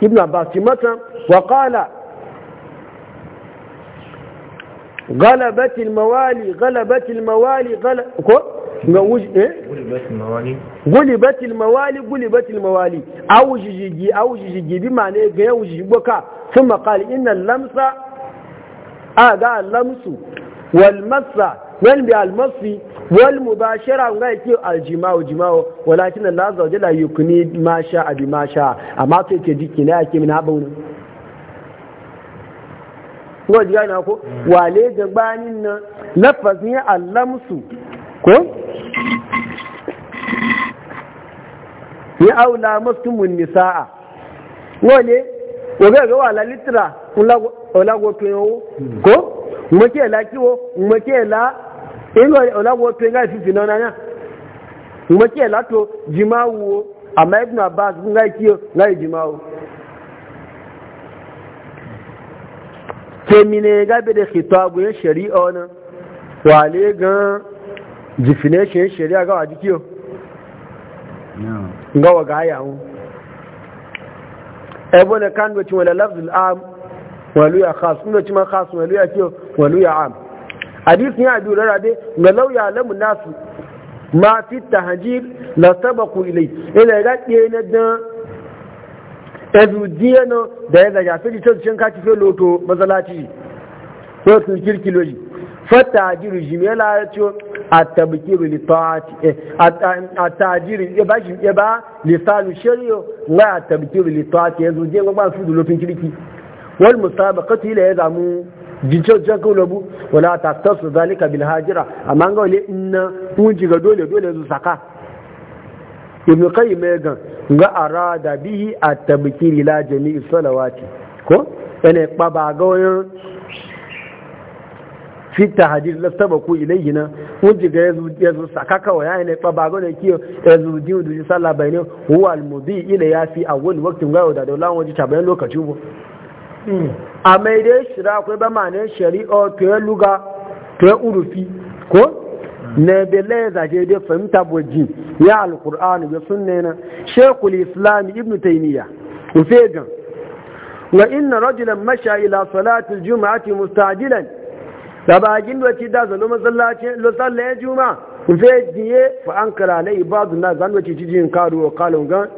ibn abbas mata غلبت الموالي غلبت الموالي إيه؟ غلب غلبت الموالي غلبت الموالي او جيجي او جيجي بمعنى إيه؟ غير بكا ثم قال ان اللمس اه ده اللمس والمس من بالمس wal mubashara ga yake aljima'u jima'u walakin Allah azza wajalla yukuni ma sha abi ma sha amma to yake jiki na yake mina bauna ko ji gane ko wale gabanin nan lafazin allamsu ko ya aula mastumun nisaa wale wage ga wala litra ulago ulago ko mo ke la kiwo mo ke la Ingo ọ̀làwọ̀ pé ńgá ìfìfì náà náà mo kí ẹ̀ látò jìmá wo àmọ́ ibùn abbas ńgá ìkí o ńgá ìjìmá o. tèmi ne de ṣètò àgbóyé ṣẹ̀rí ọ̀nà wa le gan jìfìnẹ́ ṣe ń ṣẹ̀rí àgáwà jíkí o. ńgá wọ̀ gáyà wọn. ne ní kánú ti wọn lẹ́lẹ́fù àm wọ̀lú yà khas ńlọ ti máa khas wọ̀lú yà kí o wọ̀lú hadisi ya biyu rarrabe ga lauya lamu nasu ma fi tahajir la sabaku ilai ina ga na dan ezu diyano da ya zaga fi to cin kaci fi loto mazalaci ko su kirkiloji fata ajiru jimela ce a tabbikiru litaati eh, a tajiri ya ba shi ya ba lisalu shari'o na a tabbikiru litaati ya zuje ga ba su da lofin kirki wal musabaqatu ila ya zamu gicho jaku labu wala tasu zalika bil hajira amma ga wale inna muji ga dole dole su saka ibn qayyim ga ga arada bihi at-tabkir ila jami'i salawati ko ene ba ga wayan fi tahajjud la sabaku ilayhi na muji ga yazu yazu saka kawai ya ne ba ga ne kiyo yazu diu du sallah bayne huwa al-mudi ila ya fi awwal waqtin ga da dawlan waji tabayan lokaci bu a mai dai shira akwai ba mane shari'a to ya luga to ya urufi ko na bela ya zaje dai fahimta boji ya alkur'ani ya sunne na shekul islam ibn taymiya ufegan wa inna rajulan masha ila salati aljum'ati mustajilan gin da ci da zalo masallaci lo sallaye juma'a ufe diye fa ankara na ibadu na ci cijin karu wa kalungan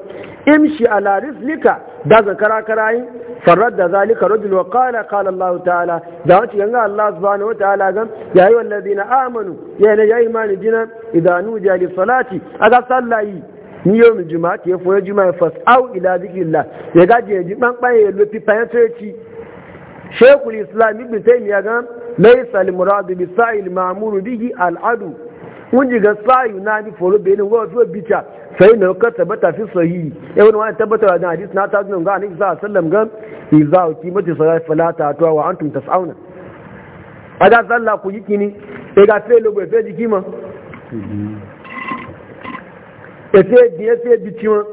imshi ala rislika da zakara karayin فرد ذلك رجل وقال قال الله تعالى دعوت ينغى الله سبحانه وتعالى قال يا أيها الذين آمنوا يا نجا إيمان جنا إذا نوجى للصلاة أقا صلى ni yau mu juma'a ke foye ya fas au ila zikrillah ya gaji ya ji ban baye ya lupi fayantoci shekul islam ya taymiya ga laysa al murad bi sa'il ma'mur wunji ga sayu na ni foro benin wo so bicha sai na ka tabbata fi sahihi eh wani wani tabbata da hadisi na ta ga annabi sallallahu alaihi wasallam ga iza qimati salati fala ta wa antum tas'auna aga sallah ku yi kini e ga fe lobo fe di kima e fe di e fe di tiwa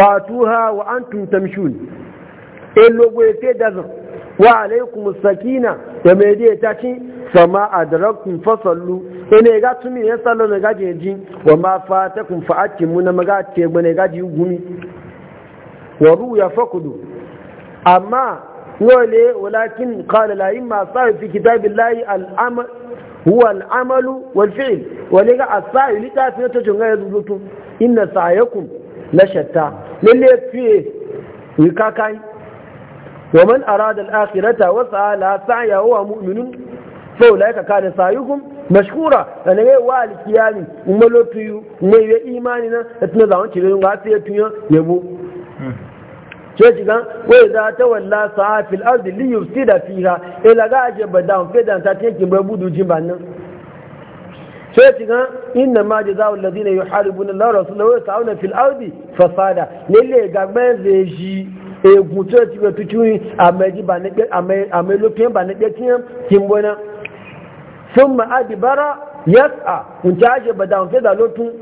wa tuha wa antum tamshun e lobo e fe dazan wa alaikumus sakina da mai ta ci fama adrakun fasallu ene ga tumi ya sallo ne ga jeji wa ma kun fa mun na maga gbe ne ga ji gumi wa ya fakudu amma wale walakin qala la imma sa'i fi kitabillahi al-amr huwa al-amalu wal fi'l wale ga asai fi to junga yazutu inna sa'yakum la shatta lalle fi yi kakai ومن أراد الآخرة وسعى لها سعيه هو مؤمن fa ulaika kana sayuhum mashkura ana ga wa alkiyami umalo tuyu ne ya imani na tuna da wanci ne ga sai tuyo yabo ce ci gan wai za ta walla sa'afil ardi li yufsida fiha ila ga je badan fedan ta take ba inna ma jazaa'u alladhina yuharibuna Allah fasada lalle ga ban sun ma'adi bara yasa kun tashi ba da hanfe da lotun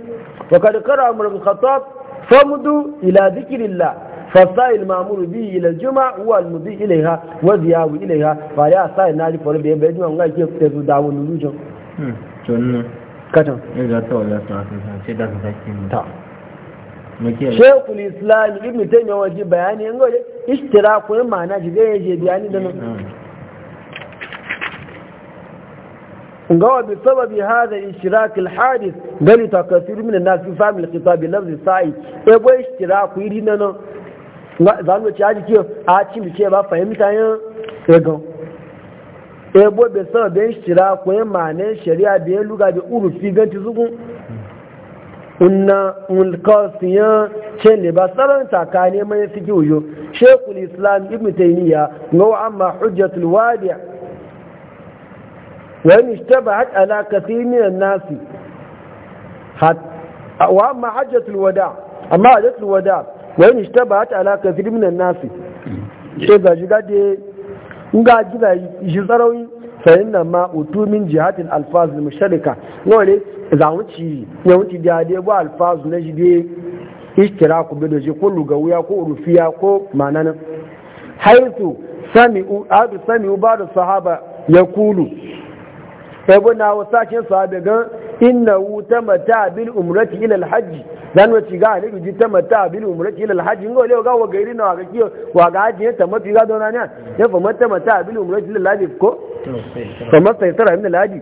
wa kada kara amur bin khattab famdu ila zikirillah fasa'il ma'mur bi ila juma wa al-mudi ilaiha wa ziyawu ilaiha fa ya sa'i na ji fara bayan bayan ngai ke ta su dawo lulujin tunna katan ina ta wala ta ce da ta kin ta shekul islam ibn taymiyyah waje bayani ngo ishtirakun ma'ana ji zai je bayani da nan gawa bi sababi hada ishtirak alhadith gani ta kasiru min nas fi fahmi alkhitab bi lafzi sa'i e bo ishtirak iri nan za mu ci aji ke a ci mu ce ba fahimta yan ego e bo be sababi ishtirak ko mane shari'a bi luga bi urufi ganti zugu unna mulkasiya ce ne ba tsaron takane mai fiki uyo shekul islam ibn taymiya gawa amma hujjatul wadi' wani ishtabahat na kathirin minan nasi wa amma hajjatul wada amma hajjatul wada wani ishtabahat na kathirin minan nasi sai ga shiga da nga gida shi tsarawi sayin nan ma utu min jihatin alfaz al musharika wale za mu ci wuci da dai bu alfaz na shi dai ku bi da shi kullu ga wuya ko urufiya ko manana haitu sami'u adu sami'u ba da sahaba ya kulu ebe na wasa cin sahabi gan inna wuta mata bil umrati ilal hajji dan wace ga ne ji ta mata bil umrati ilal hajji ngo le ga wa gairi na wa kiyo wa ga haji ta mafi ga dona ne ya fa mata mata bil umrati ilal hajji ko fa mata tara min alhaji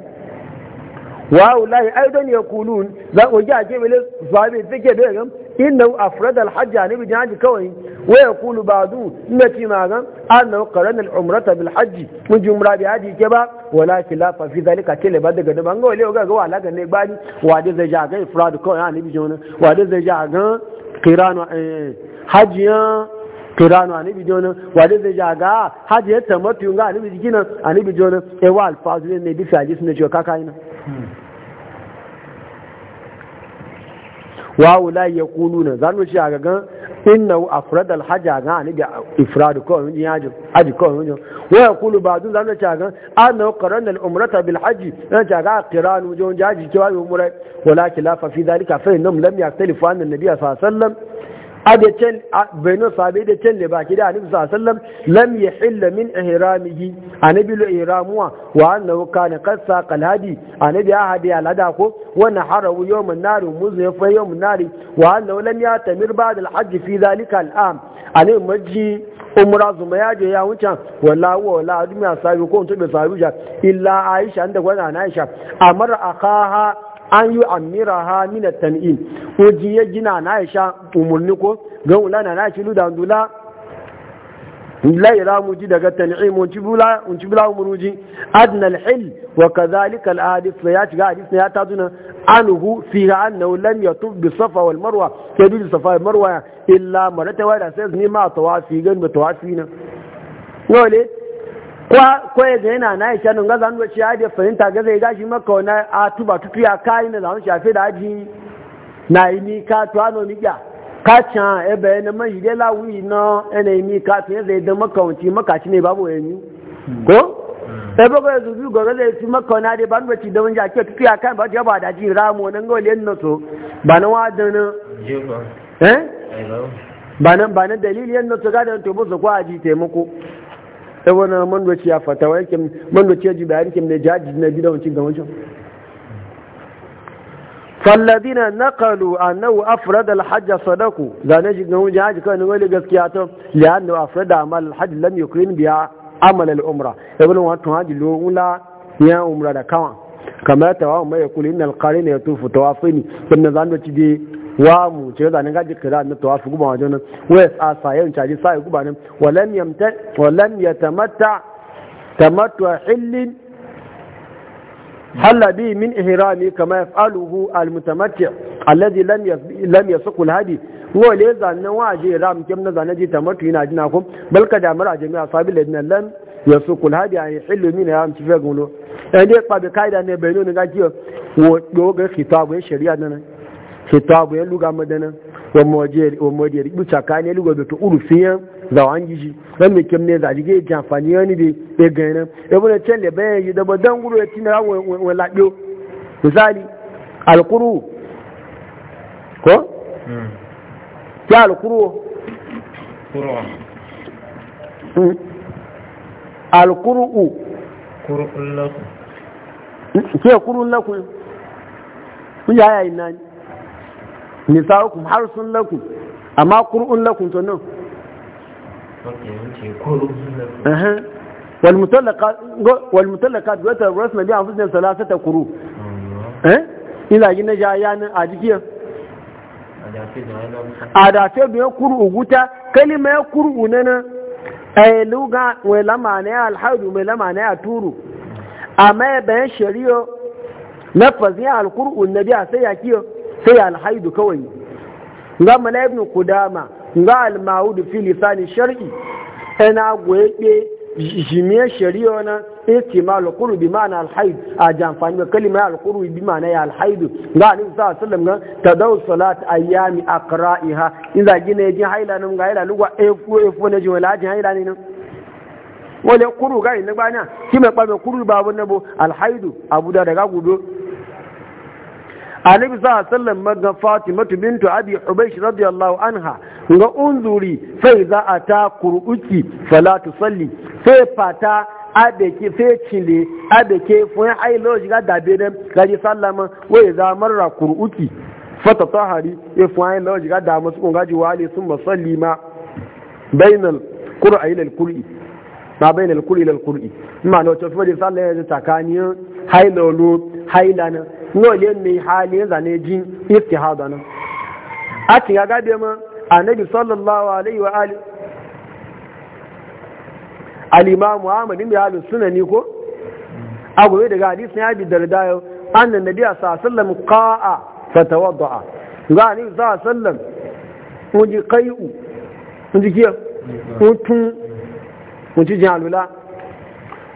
wa ulai aidan yaqulun za wa ja ke bele sahabi take da gan inna afrada alhaji ne bi haji kawai ويقول بعضهم متي معنا أنه قرن العمرة بالحج من جمرة بهذه كبا ولا لا في ذلك كل بعد قد ما نقول له قالوا على قد نبالي وهذا زجاج إفراد كون يعني بيجون وهذا زجاج قران حجيا قران يعني بيجون وهذا زجاج حجيا تمت يونغ يعني بيجينا يعني بيجون إيه والفاضل النبي في حديث نجوا كاكاينا wawu la ya kulu na zanu shi a gagan inna afrad alhaji a gan anibi ifradu kawai wajen yajin haji kawai wajen ya kulu ba zun zanu shi a gan an na karan al'umrata bil haji na shi a gan kiranu wajen jaji kewa bi umurai wala kilafa fi zalika fa innam lam yaktalifu annan nabiya sallallahu alaihi wasallam adacin benin da can baki da annabi sallallahu alaihi wasallam min ihramihi annabi lo ihramuwa wa annahu kana qad saqa ya ko wa naharahu yawm an-nar muzayfa yawm an-nar wa fi dhalika al-am annabi zuma ya je ya wuce wala wala adumi asabi ko sabi ja illa aisha inda gwana aisha amara kaha. an yi amira ha mina tan'in ko ji ya gina na aisha umurni ko ga ulana na shi luda dula la mu ji daga mu unci bula unci bula umuruji adna al-hil wa kadhalika al-hadith ya shiga hadith ya tazuna anhu fi anna lam yatub bi safa wal marwa ya bi safa wal marwa illa marata wa da sai ni ma tawafi gan mutawafina wale kwa ya ga yana na isha nun gaza nwa ciya da fahimta ga zai gashi maka wani a tuba tutu ya kayi na zamu shafi da aji na yi ni ka tuwa no ni ya ka can ebe yana man shi dai lawuyi na yana yi ni ka tuwa zai dan maka wanci maka na ne babu go hmm. ebe go ya zubi gobe zai fi maka wani adi da wani jake tutu ya kayi ba ta yaba da ji ramu wani ga wani yana so ba na wadana eh? ba na dalili yana so gadon to bu su kwa aji taimako wani mandoci ya fata wa yake mandoci ya ji bayan kim ne jaji na gida wancin ga wancan falladina na kalu a nau afirada alhajja sadaku ga na shiga wajen haji kawai gaskiya ta ya hannu afirada amal alhajji lam yukrin biya amal al'umra ya bulu wata haji lula ya umra da kawan kamar ta wa mai kuli ina ya tufu ta wafi ne kuma na zanen ci wa mu ce zanen gaji kira na tawafi guba wajen nan waya tsasa caji sayan guba nan walam ya tamata tamatuwa hillin halabi min ihrami kama faluhu almutamatiya alladhi lam ya sukul hadi wa le wa waje ram kim na zanna ji tamatu yana jina kun balka damar a jami'a sabil ladina lam hadi alhadi ay hillu min ihram ci fe gulo eh dai kaida ne bayno ne ga kiyo wo do ga kitabun shari'a nan kitabu ya luga madana wa mawajiyar ribu tsakani ya luga da ta urufiyan zawan gishi don mai kyan ne zaji amfani ya gani ya bude can da bayan ya tina hmm. wa misali hmm. ko? Hmm. ya ke nani nisa'ukum harsun lakum amma qur'un lakum to no والمطلقات والمطلقات يتربصن بأنفسهن ثلاثة قروء eh ina gina jayanin a jikiya a dafe da ya kuru guta kalima ya kuru na na eh, a luga mai lama ne a alhaidu mai lama ne a turu a mai bayan shari'o na faziyan alkuru na biya sai ya kiyo sai alhaidu kawai ga mana ibn kudama ga almahudu fi lisani shar'i ana goyebe jimiya shari'a na ihtimal qurb bi ma'ana alhaid a jamfani da kalima alqurbi bi ma'ana ya alhaid ga annabi sallallahu alaihi wasallam ga tadaw salat ayami aqra'iha inda gine gina haila nan ga haila lugwa efu eh, efu eh, na jiwala jin haila ne nan wala qurbu ga ina bana kime ba me kuru babu nabo alhaidu abu da daga gudo alibi sa sallan maga fatimatu bintu abi hubaysh radiyallahu anha ga unzuri sai za a ta kuruki fala salli sai fata ke sai cile ke fun ai lo shiga dabe ne gaji sallama wai za marra kuruki fata tahari e fun ai lo shiga da musu gaji wali sun masalli ma bainal qur'a ila quri ma bainal qur'i lil quri ma no to sallaya ta kaniyo tsakanin hailolo haila nan le mai hali ne jin iftihada nan a cin ga da ma annabi sallallahu alaihi wa ali al-imam Muhammad bin Ali sunani ko abu da ga hadisi ya bi dardayo annan nabi sallallahu alaihi wasallam qa'a fatawadda ga ni sallallahu alaihi wasallam mun ji qai'u mun ji kiya mun tun mun ji jalula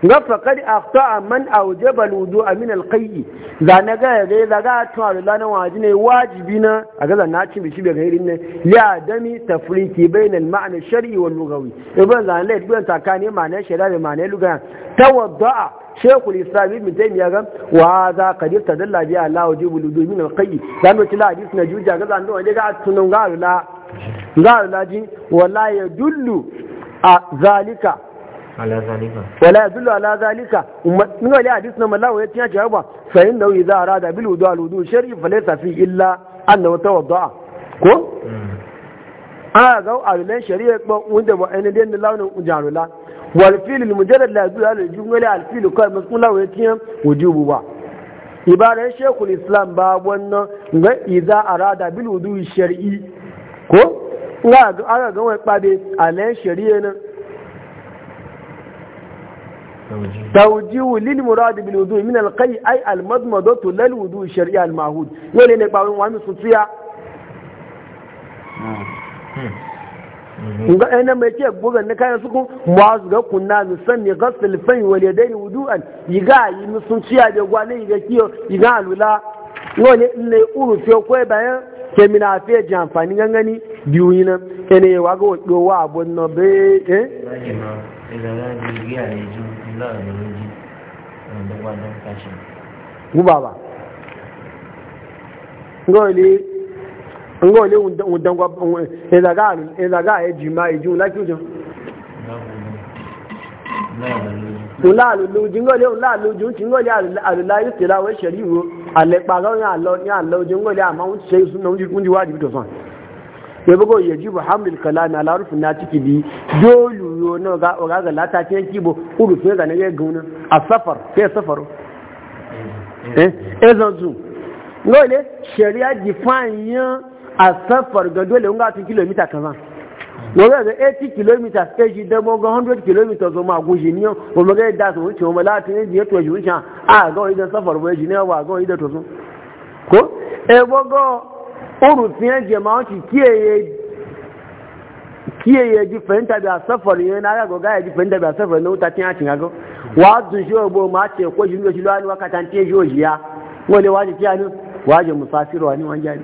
ga faƙar afta a man a waje baludu a min alƙayi za na gaya zai za ga tun a lula na waji ne wajibi na a gaza na cin bishi bai gairin ne ya dami tafriki bai na ma'anar shari'i wa lugawi ibn e zan lai ibn takani ma'anar shari'a da ma'anar Ta tawadda'a shekul islam ibn taymiya ga wa za ka dirta dalla bi ala waje baludu min alƙayi za mu tila hadisi na juja ga zan da ga tunun ga lula ga lula ji wallahi ya dullu a zalika wala yadullu ala zalika min wali hadith na malawa yace ya ce ba fa inna idza arada bil wudu al wudu shar'i fa laysa fi illa annahu tawadda ko a ga a alulan shari'a ko wanda ba ainihin da yanda launin jarula wal fil al mujarrad la yadullu ala jumla al fil ko masu lawa yace wujubu ba ibarar shekul islam ba wannan ga iza arada bil wudu shar'i ko ga ga ga wani kpabe alan shari'a nan توجيه للمراد بالوضوء من القي أي المضمضة للوضوء الشرعي المعهود يلي نقبعون وهم سطفية ga ɗaya mai ce bugan na kayan suku ba su ga kunna su san ne gasar wal ya wudu'an yi yi sun ciya da gwane yi ga kiyo yi alula wani ne uru ko kawai bayan ke mina fiye ji amfani gangani biyu yi nan ke wa ga wadowa abun na be. eh guba ba ngole ngole undangwa ezaga ezaga ejima eju lakujo ula lulu jingole ula lulu jingole alula yutila we shariwo ale pagawo ya lo ya lo jingole ama un se sunu unji unji wajibi to san ya bugo ya ji bu hamil kala na larufi na ciki bi dole yo na ga ga ga lata ce yanki bo urufin ga ne ga guna a safar sai safaro eh ezan eh, eh, zu ngole sharia define yan a safar ga dole nga tun kilomita kaza wọ́n rẹ̀ eighty kilometres èjì dẹ́gbọ́gán hundred kilometres ọmọ àgùnjì ní ọmọgẹ́ ìdásùn oúnjẹ ọmọ láti ní ìdíyẹ́ tó ẹ̀jù ń ṣàn àgọ́ ìdẹ́ sọ́fọ̀rọ̀ ẹ̀jì ní ọwọ́ àgọ́ ìdẹ́ tó sún kó ẹgbọ́gọ́ urufin jama'anci kiye ye ji fahimta da safar yana na rago ga ya ji fahimta da safar na wuta tinya cin ago wa dun shi obo ma ce ko shi ndo shi lwani wakatan tiye shi ojiya wale waje tiya ni waje musafir wani wanja ni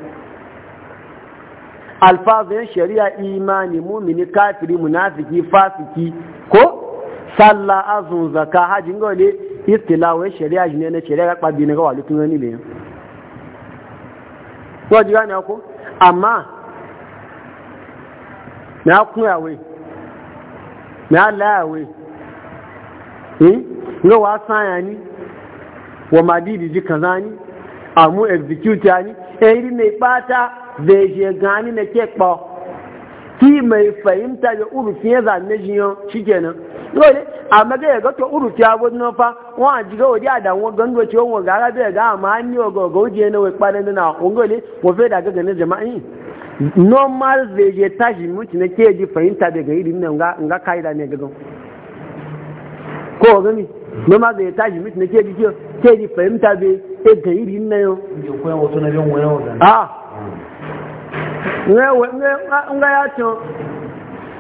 alfazin e shari'a imani mumini kafiri munafiki fasiki ko sallah azun zakka hajin gole istilawai e shari'a ne na shari'a kwabi na ga walutun ne ne ko ji a ko amma na a na layawe eh ga wasa ya ni wa madidi kaza ni amu execute ya ni eh iri ne bata da je gani na ke kpo ki mai fahimta da urufin ya zanne jiyon shikenan lóde àmẹ́gẹ́ ẹ̀gọ́ tó tí a bó ní fa wọ́n àjígọ́ òdí àdàwọn gọ́ndọ̀ tí ó wọ̀n gàrà bẹ́ẹ̀ gá àmà á ní ọgọ̀gọ̀ ó jẹ́ ẹnẹ́wẹ̀ padà nínú àkóngọ́lé wọ́n fẹ́ dàgẹ́ gẹ̀ẹ́ jẹ̀má yìí normal vegetation na keji fahimta daga iri ne nga kaida ne normal vegetation e na keji ah. nga ya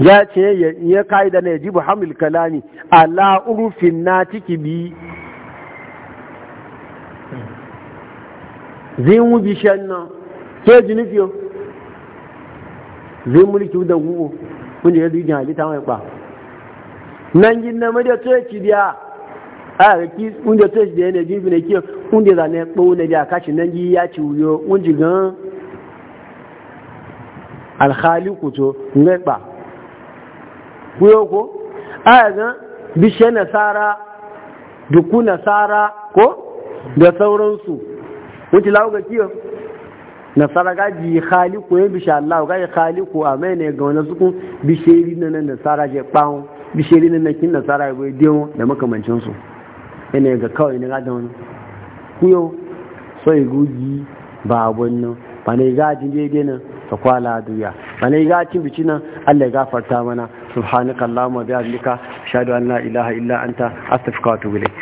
ya ce ya ka'ida na yajibu hamil kalami ala urufin na ciki bi zai mu bishan nan ke ji nufiyo zai liki da gugu wanda ya zuwa halitta mai kwa nan gina na mada to ya ci biya a raki wanda to ya ci biya ne jin na kiyo wanda za na ɓo na biya kashi nan gi ya ci wuyo wanda gan alhali kuto ngai ba kuyo ko aya ga bishiyar nasara duku nasara ko da sauransu wuce lawo kiyo nasara ji khaliku ya eh, bishe Allah ji khaliku a mai ne ga wani sukun bishiyari na nan nasara je kpawon bishiyari na kin nasara ya bai dewo da su yana eh, ga kawai na gada wani kuyo sai gugi ba wannan ba ne gajin daidai nan Ka kwala duya wani ga cin bici nan Allah ya gafarta mana subhanakallahumma bihamdika ashhadu an la ilaha illa anta astaghfiruka wa atubu ilayk